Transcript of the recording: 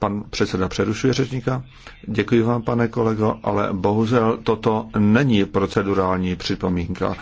Pan předseda přerušuje řečníka. Děkuji vám, pane kolego, ale bohužel toto není procedurální připomínka.